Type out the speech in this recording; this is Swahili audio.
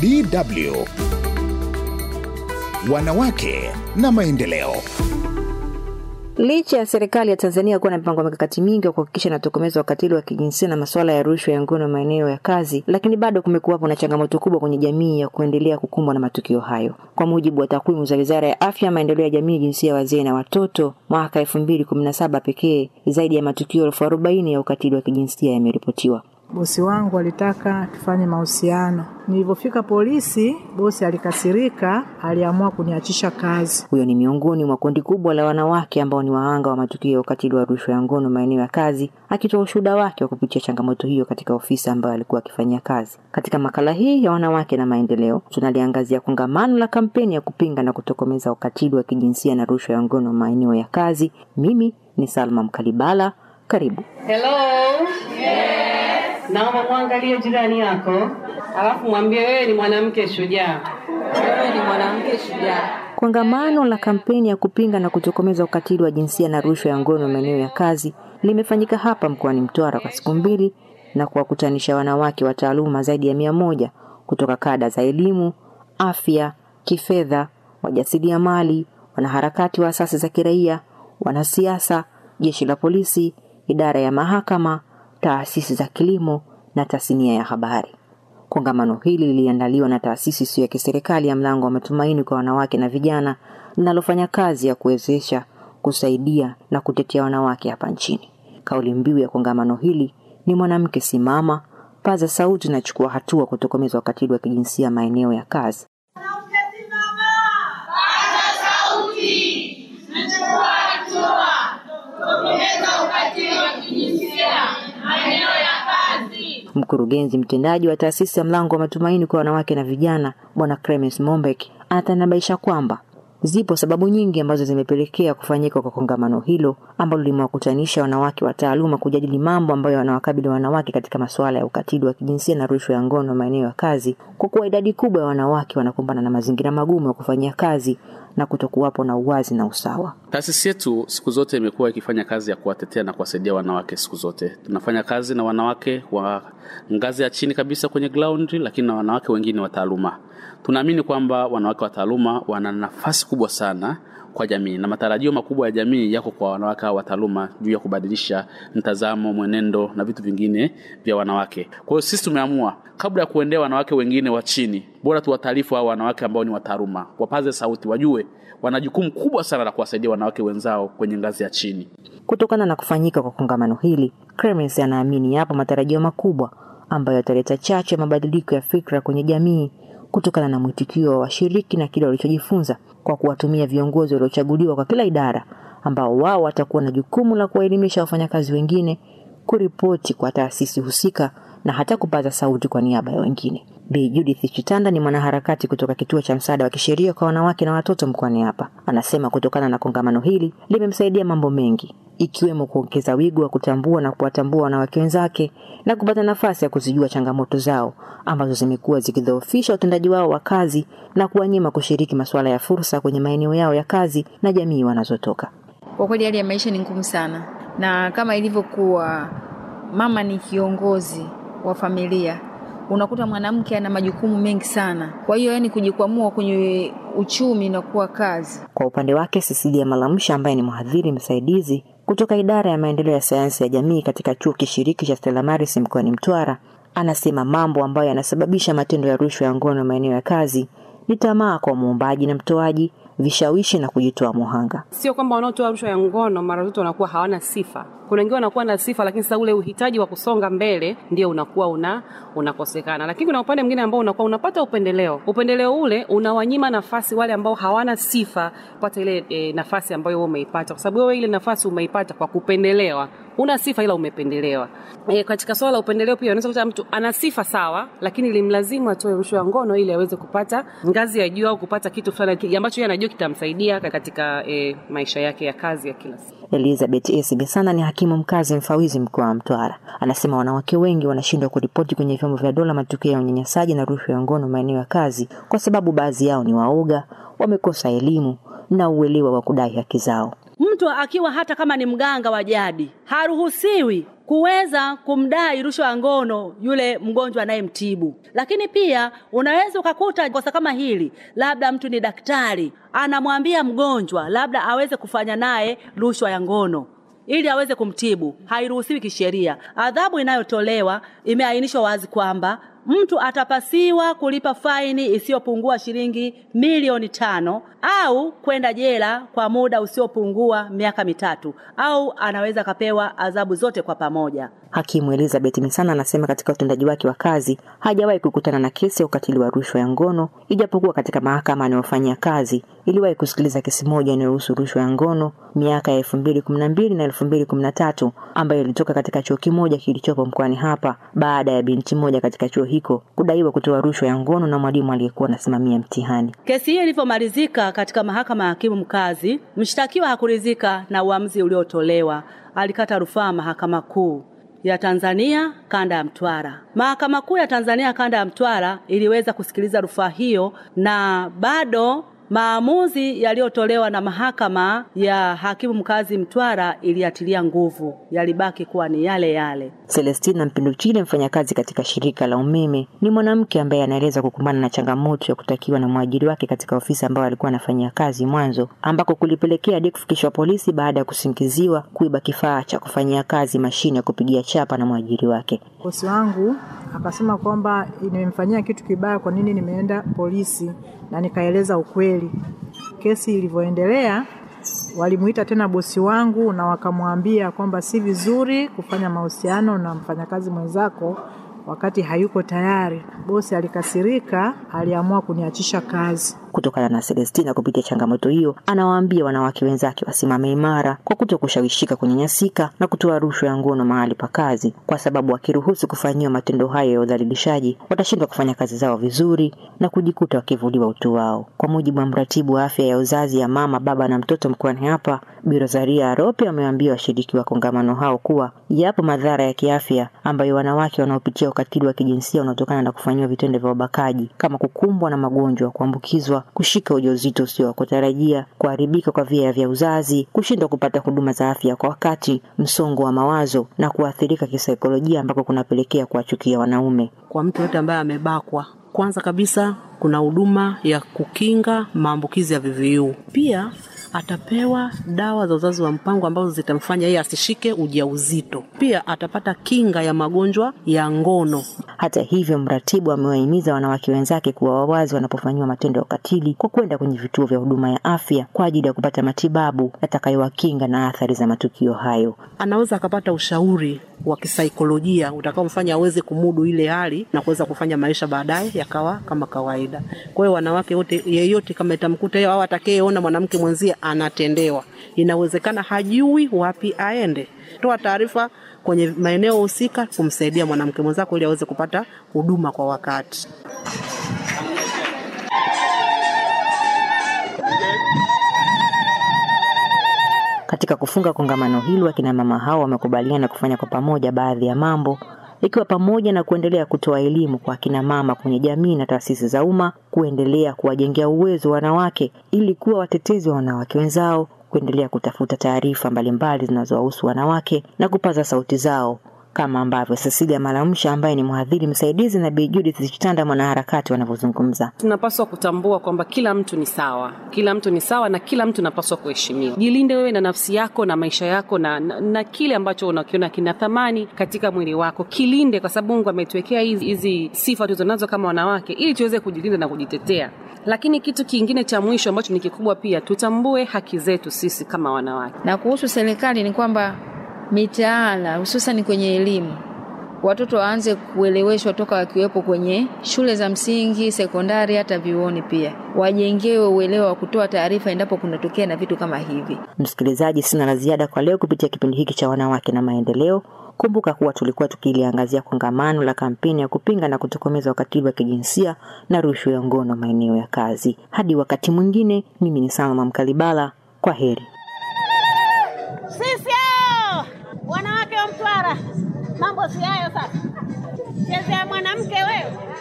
DW Wanawake na Maendeleo. Licha ya serikali ya Tanzania kuwa na mipango mikakati mingi ya kuhakikisha inatokomeza ukatili wa kijinsia na masuala ya rushwa ya ngono maeneo ya kazi, lakini bado kumekuwapo na changamoto kubwa kwenye jamii ya kuendelea kukumbwa na matukio hayo. Kwa mujibu wa takwimu za Wizara ya Afya, Maendeleo ya Jamii, Jinsia, Wazee na Watoto, mwaka elfu mbili kumi na saba pekee, zaidi ya matukio elfu arobaini ya ukatili wa kijinsia yameripotiwa. Bosi wangu alitaka tufanye mahusiano. Nilivyofika polisi, bosi alikasirika, aliamua kuniachisha kazi. Huyo ni miongoni mwa kundi kubwa la wanawake ambao ni wahanga wa matukio ya ukatili wa rushwa ya ngono maeneo ya kazi, akitoa ushuhuda wake wa kupitia changamoto hiyo katika ofisi ambayo alikuwa akifanyia kazi. Katika makala hii ya wanawake na maendeleo, tunaliangazia kongamano la kampeni ya kupinga na kutokomeza ukatili wa kijinsia na rushwa ya ngono maeneo ya kazi. Mimi ni Salma Mkalibala, karibu. Hello. Yeah. Naomba mwangalie jirani yako, alafu mwambie wewe ni mwanamke shujaa, wewe ni mwanamke shujaa. Kongamano la kampeni ya kupinga na kutokomeza ukatili wa jinsia na rushwa ya ngono maeneo ya kazi limefanyika hapa mkoani Mtwara kwa siku mbili na kuwakutanisha wanawake wa taaluma zaidi ya mia moja kutoka kada za elimu, afya, kifedha, wajasiriamali, wanaharakati wa asasi za kiraia, wanasiasa, jeshi la polisi, idara ya mahakama, taasisi za kilimo na tasnia ya habari. Kongamano hili liliandaliwa na taasisi isiyo ya kiserikali ya Mlango wa Matumaini kwa wanawake na vijana linalofanya kazi ya kuwezesha, kusaidia na kutetea wanawake hapa nchini. Kauli mbiu ya kongamano hili ni mwanamke simama, paza sauti na chukua hatua kutokomeza ukatili wa kijinsia maeneo ya kazi, Mkurugenzi mtendaji wa taasisi ya Mlango wa Matumaini kwa wanawake na vijana, Bwana Clemens Mombek, anatanabaisha kwamba zipo sababu nyingi ambazo zimepelekea kufanyika kwa kongamano hilo ambalo limewakutanisha wanawake wa taaluma kujadili mambo ambayo wanawakabili wanawake katika masuala ya ukatili wa kijinsia na rushwa ya ngono maeneo ya kazi, kwa kuwa idadi kubwa ya wanawake wanakumbana na mazingira magumu ya kufanyia kazi na kutokuwapo na uwazi na usawa. Taasisi yetu siku zote imekuwa ikifanya kazi ya kuwatetea na kuwasaidia wanawake. Siku zote tunafanya kazi na wanawake wa ngazi ya chini kabisa kwenye ground, lakini na wanawake wengine wa taaluma. Tunaamini kwamba wanawake wa taaluma wana nafasi kubwa sana kwa jamii na matarajio makubwa ya jamii yako kwa wanawake hawa wataaluma juu ya kubadilisha mtazamo, mwenendo na vitu vingine vya wanawake. Kwa hiyo sisi tumeamua kabla ya kuendea wanawake wengine wa chini, bora tuwataarifu hao wanawake ambao ni wataaluma, wapaze sauti, wajue wana jukumu kubwa sana la kuwasaidia wanawake wenzao kwenye ngazi ya chini. Kutokana na kufanyika kwa kongamano hili, Clemence anaamini yapo matarajio makubwa ambayo yataleta chache mabadiliko ya fikra kwenye jamii kutokana na mwitikio wa washiriki na kile walichojifunza kwa kuwatumia viongozi waliochaguliwa kwa kila idara ambao wao watakuwa na jukumu la kuwaelimisha wafanyakazi wengine, kuripoti kwa taasisi husika na hata kupaza sauti kwa niaba ya wengine. Bi Judith Chitanda ni mwanaharakati kutoka kituo cha msaada wa kisheria kwa wanawake na watoto mkoani hapa. Anasema kutokana na kongamano hili limemsaidia mambo mengi ikiwemo kuongeza wigo wa kutambua na kuwatambua wanawake wenzake na kupata nafasi ya kuzijua changamoto zao ambazo zimekuwa zikidhoofisha utendaji wao wa kazi na kuwanyima kushiriki masuala ya fursa kwenye maeneo yao ya kazi na jamii wanazotoka. Kwa kweli hali ya maisha ni ngumu sana, na kama ilivyokuwa mama ni kiongozi wa familia, unakuta mwanamke ana majukumu mengi sana. Kwa hiyo yani, kujikwamua kwenye uchumi na kuwa kazi. Kwa upande wake, Sisilia Malamsha ambaye ni mhadhiri msaidizi kutoka idara ya maendeleo ya sayansi ya jamii katika chuo kishiriki cha Stella Maris mkoani Mtwara anasema mambo ambayo yanasababisha matendo ya rushwa ya ngono maeneo ya kazi ni tamaa kwa muombaji na mtoaji vishawishi na kujitoa muhanga Sio kwamba wanaotoa rushwa ya ngono mara zote wanakuwa hawana sifa. Kuna wengine wanakuwa na sifa, lakini sasa ule uhitaji wa kusonga mbele ndio unakuwa una unakosekana. Lakini kuna upande mwingine ambao unakuwa unapata upendeleo. Upendeleo ule unawanyima nafasi wale ambao hawana sifa pata ile e, nafasi ambayo wewe umeipata, kwa sababu wewe ile nafasi umeipata kwa kupendelewa huna sifa ila umependelewa. E, katika swala la upendeleo pia unaweza kuta mtu ana sifa sawa, lakini limlazimu atoe rushwa ya ngono ili aweze kupata ngazi ya juu au kupata kitu fulani ambacho yeye anajua kitamsaidia katika e, maisha yake ya kazi ya kila siku. Elizabeth Esigesana ni hakimu mkazi mfawizi mkoa wa Mtwara, anasema wanawake wengi wanashindwa kuripoti kwenye vyombo vya dola matukio ya unyanyasaji na rushwa ya ngono maeneo ya kazi kwa sababu baadhi yao ni waoga, wamekosa elimu na uelewa wa kudai haki zao. Mtu akiwa hata kama ni mganga wa jadi haruhusiwi kuweza kumdai rushwa ya ngono yule mgonjwa anayemtibu. Lakini pia unaweza ukakuta kosa kama hili, labda mtu ni daktari anamwambia mgonjwa labda aweze kufanya naye rushwa ya ngono ili aweze kumtibu, hairuhusiwi kisheria. Adhabu inayotolewa imeainishwa wazi kwamba mtu atapasiwa kulipa faini isiyopungua shilingi milioni tano au kwenda jela kwa muda usiopungua miaka mitatu au anaweza akapewa adhabu zote kwa pamoja. Hakimu Elizabeth Misana anasema katika utendaji wake wa kazi hajawahi kukutana na kesi ya ukatili wa rushwa ya ngono, ijapokuwa katika mahakama anayofanyia kazi iliwahi kusikiliza kesi moja inayohusu rushwa ya ngono miaka ya elfu mbili kumi na mbili na elfu mbili kumi na tatu ambayo ilitoka katika chuo kimoja kilichopo mkoani hapa baada ya binti moja katika chuo hiko kudaiwa kutoa rushwa ya ngono na mwalimu aliyekuwa anasimamia mtihani. Kesi hiyo ilivyomalizika katika mahakama ya hakimu mkazi, mshtakiwa hakuridhika na uamuzi uliotolewa, alikata rufaa mahakama kuu ya Tanzania kanda ya Mtwara. Mahakama Kuu ya Tanzania kanda ya Mtwara iliweza kusikiliza rufaa hiyo na bado Maamuzi yaliyotolewa na mahakama ya hakimu mkazi Mtwara iliatilia nguvu, yalibaki kuwa ni yale yale. Celestina Mpinduchile, mfanyakazi katika shirika la umeme, ni mwanamke ambaye anaeleza kukumbana na changamoto ya kutakiwa na mwajiri wake katika ofisi ambayo alikuwa anafanyia kazi mwanzo, ambako kulipelekea hadi kufikishwa polisi baada ya kusingiziwa kuiba kifaa cha kufanyia kazi mashine ya kupigia chapa na mwajiri wake. Bosi wangu akasema kwamba nimemfanyia kitu kibaya, kwa nini nimeenda polisi, na nikaeleza ukweli. Kesi ilivyoendelea, walimuita tena bosi wangu na wakamwambia kwamba si vizuri kufanya mahusiano na mfanyakazi mwenzako wakati hayuko tayari. Bosi alikasirika, aliamua kuniachisha kazi kutokana na Celestina kupitia changamoto hiyo, anawaambia wanawake wenzake wasimame imara kwa kuto kushawishika, kunyanyasika na kutoa rushwa ya ngono mahali pa kazi, kwa sababu wakiruhusu kufanyiwa matendo hayo ya udhalilishaji watashindwa kufanya kazi zao vizuri na kujikuta wakivuliwa utu wao. Kwa mujibu wa mratibu wa afya ya uzazi ya mama, baba na mtoto mkoani hapa Bi Rosaria Arope, ameambia washiriki wa kongamano hao kuwa yapo madhara ya kiafya ambayo wanawake wanaopitia ukatili wa kijinsia unaotokana na kufanyiwa vitendo vya ubakaji kama kukumbwa na magonjwa, kuambukizwa kushika ujauzito kutarajia, kuharibika kwa via vya uzazi, kushindwa kupata huduma za afya kwa wakati, msongo wa mawazo na kuathirika kisaikolojia, ambako kunapelekea kuwachukia wanaume. Kwa mtu yote ambaye amebakwa, kwanza kabisa kuna huduma ya kukinga maambukizi ya VVU pia atapewa dawa za uzazi wa mpango ambazo zitamfanya yeye asishike ujauzito. Pia atapata kinga ya magonjwa ya ngono. Hata hivyo, mratibu amewahimiza wanawake wenzake kuwa wawazi wanapofanyiwa matendo ya ukatili kwa kwenda kwenye vituo vya huduma ya afya kwa ajili ya kupata matibabu yatakayowakinga na athari za matukio hayo. Anaweza akapata ushauri wa kisaikolojia utakaomfanya aweze kumudu ile hali na kuweza kufanya maisha baadaye yakawa kama kawaida. Kwa hiyo wanawake wote, yeyote kama itamkuta yeye au atakayeona mwanamke mwenzie anatendewa, inawezekana hajui wapi aende, toa taarifa kwenye maeneo husika kumsaidia mwanamke mwenzako ili aweze kupata huduma kwa wakati. Katika kufunga kongamano hilo, akina mama hao wamekubaliana kufanya kwa pamoja baadhi ya mambo ikiwa pamoja na kuendelea kutoa elimu kwa akina mama kwenye jamii na taasisi za umma, kuendelea kuwajengea uwezo wanawake ili kuwa watetezi wa wanawake wenzao, kuendelea kutafuta taarifa mbalimbali zinazowahusu wanawake na kupaza sauti zao kama ambavyo Cecilia Malamsha ambaye ni mhadhiri msaidizi na Bi Judith Chitanda mwanaharakati wanavyozungumza. Tunapaswa kutambua kwamba kila mtu ni sawa, kila mtu ni sawa na kila mtu anapaswa kuheshimiwa. Jilinde wewe na nafsi yako na maisha yako na, na, na kile ambacho unakiona kina thamani katika mwili wako kilinde, kwa sababu Mungu ametuwekea hizi sifa tulizonazo kama wanawake ili tuweze kujilinda na kujitetea. Lakini kitu kingine cha mwisho ambacho ni kikubwa pia, tutambue haki zetu sisi kama wanawake. Na kuhusu serikali ni kwamba mitaala hususani kwenye elimu watoto waanze kueleweshwa toka wakiwepo kwenye shule za msingi, sekondari, hata vioni pia wajengewe uelewa wa kutoa taarifa endapo kunatokea na vitu kama hivi. Msikilizaji, sina la ziada kwa leo kupitia kipindi hiki cha Wanawake na Maendeleo. Kumbuka kuwa tulikuwa tukiliangazia kongamano la kampeni ya kupinga na kutokomeza ukatili wa kijinsia na rushwa ya ngono maeneo ya kazi. Hadi wakati mwingine, mimi ni Salma Mkalibala, kwa heri. Sisi si hayo sasa. Chezea mwanamke wewe.